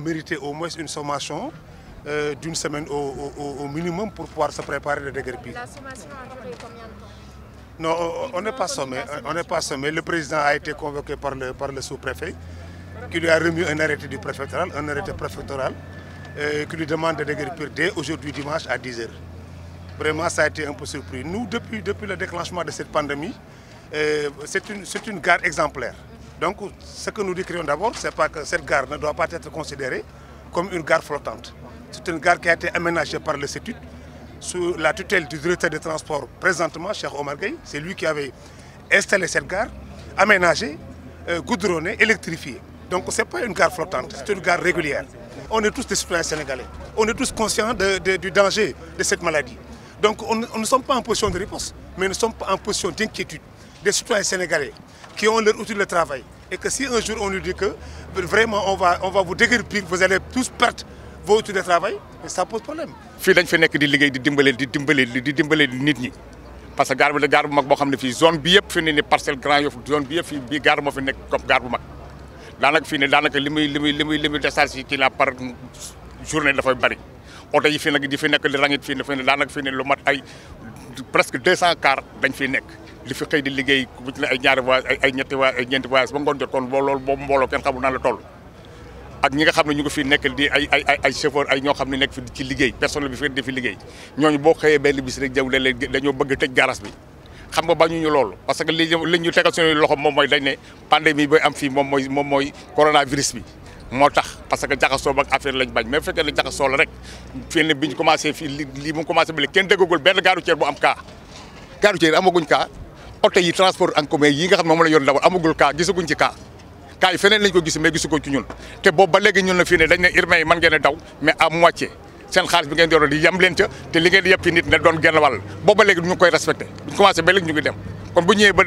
mériter au moins une sommation euh, d'une semaine au, minimum pour pouvoir se préparer de déguerpir. La sommation a duré combien de temps non, on n'est pas sommé. On n'est pas sommé. Le président a été convoqué par le, par le sous-préfet, qui lui a remis un arrêté du préfectoral, un arrêté préfectoral, euh, qui lui demande de déguerpir dès aujourd'hui dimanche à 10h. Vraiment, ça a été un peu surpris. Nous, depuis, depuis le déclenchement de cette pandémie, euh, c'est une, une garde exemplaire. Donc ce que nous décrions d'abord, c'est pas que cette gare ne doit pas être considérée comme une gare flottante. C'est une gare qui a été aménagée par le CETUT sous la tutelle du directeur des transports présentement, Cheikh Omar Gaye, C'est lui qui avait installé cette gare, aménagée, euh, goudronnée, électrifiée. Donc ce n'est pas une gare flottante, c'est une gare régulière. On est tous des citoyens sénégalais. On est tous conscients du danger de cette maladie. Donc nous ne sommes pas en position de réponse, mais nous sommes en position d'inquiétude des citoyens sénégalais qui ont leur outil de travail. Et que si un jour on lui dit que vraiment on va, on va vous déguerpir, vous allez tous perdre vos outils de travail, et ça pose problème. Fi lañ fi nek di liggéey di dimbalé di dimbalé di dimbale nit ñi parce que garbu bi garbu gaar bu mag boo xam ne zone bi yépp fi ne ni parcelle Grand yof zone bi yépp fi bi gaar mo fi nek comme gaar bu mag daanaka fii ne daanaka li muy li muy li muy li ci la par journée da fay bari Auto yi fi nak di fi nek li rangit fii fi fii ne daanaka fii ne lu mat ay presque 200 cent cars dañ fi nek. di fi xëy di liggéey bu ci ne ay ñaari voyage ay ñetti voyage ay ñeenti voyage ba ngoon jot kon boo loolu boobu mbooloo kenn xamul naa la toll ak ñi nga xam ne ñu ngi fi nekk di ay ay ay chauffeur ay ñoo xam ne nekk fi ci liggéey personnel bi fi di fi liggéey ñooñu boo xëyee benn bis rek jaw léeg nga bañu ñu loolu parce que li li ñu tegal suñu moom mooy dañ ne pandémie bi am fii moom mooy moom que jaxasoo ba ak affaire lañ bañ mais bu fekkee ne jaxasoo la rek fii ne bi ñu commencé fii li li mu commencé ba léegi kenn déggagul benn gaaru ceer bu am cas gaaru ceer amaguñ cas oto yi transport en commun yi nga xam ne moom la yoon dawal amagul cas gisaguñ ci cas cas yi feneen lañ ko gis mais gisu ko ci ñun te boobu ba léegi ñun na fii ne dañ ne urbain yi mën ngeen a daw mais à moitié seen xaalis bi ngeen di yem leen ca te li ngeen di yëpp ci nit ne doon genn wàll booba léegi duñu koy respecté buñ commencé ba léegi ñu ngi dem kon bu ñëwee ba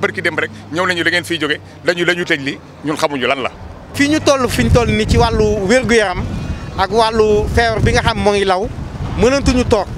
bërki dem rek ñëw nañu da ngeen fiy jóge dañu dañu tëj li ñun xamuñu lan la fii ñu toll fi ñu toll ni ci wàllu wér-gu-yaram ak wàllu feebar bi nga xam moo ngi law mënantuñu toog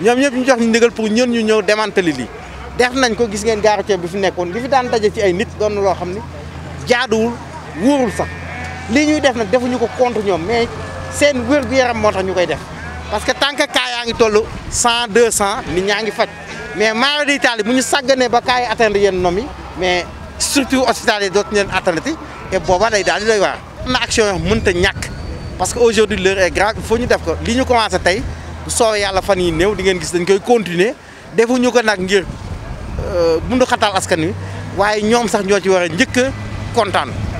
ñoom ñëpp ñu jox ñu ndigal pour ñun ñu ñëw démanteler lii def nañ ko gis ngeen gaaru ceeb bi fi nekkoon li fi daan daje ci ay nit doon loo xam ni jaaduwul wóorul sax lii ñuy def nag defuñu ko contre ñoom mais seen wér-gu-yaram moo tax ñu koy def parce que tant que cas yaa ngi toll 100 200 nit ñaa ngi faj mais maara di taali mu ñu sàgganee ba cas yi atteindre yenn nom yi mais structure hospitalière dootuñu leen atteindre et booba day daal di doy waar. na action mun xam ñàkk parce que aujourd'hui l'heure est grave il ñu def ko li ñu commencé tey. bu soobee yàlla fan yi néew di ngeen gis dañ koy continuer ñu ko nag ngir euh, bundu xataal askan wi waaye ñoom sax ñoo ci war a njëkk kontaan.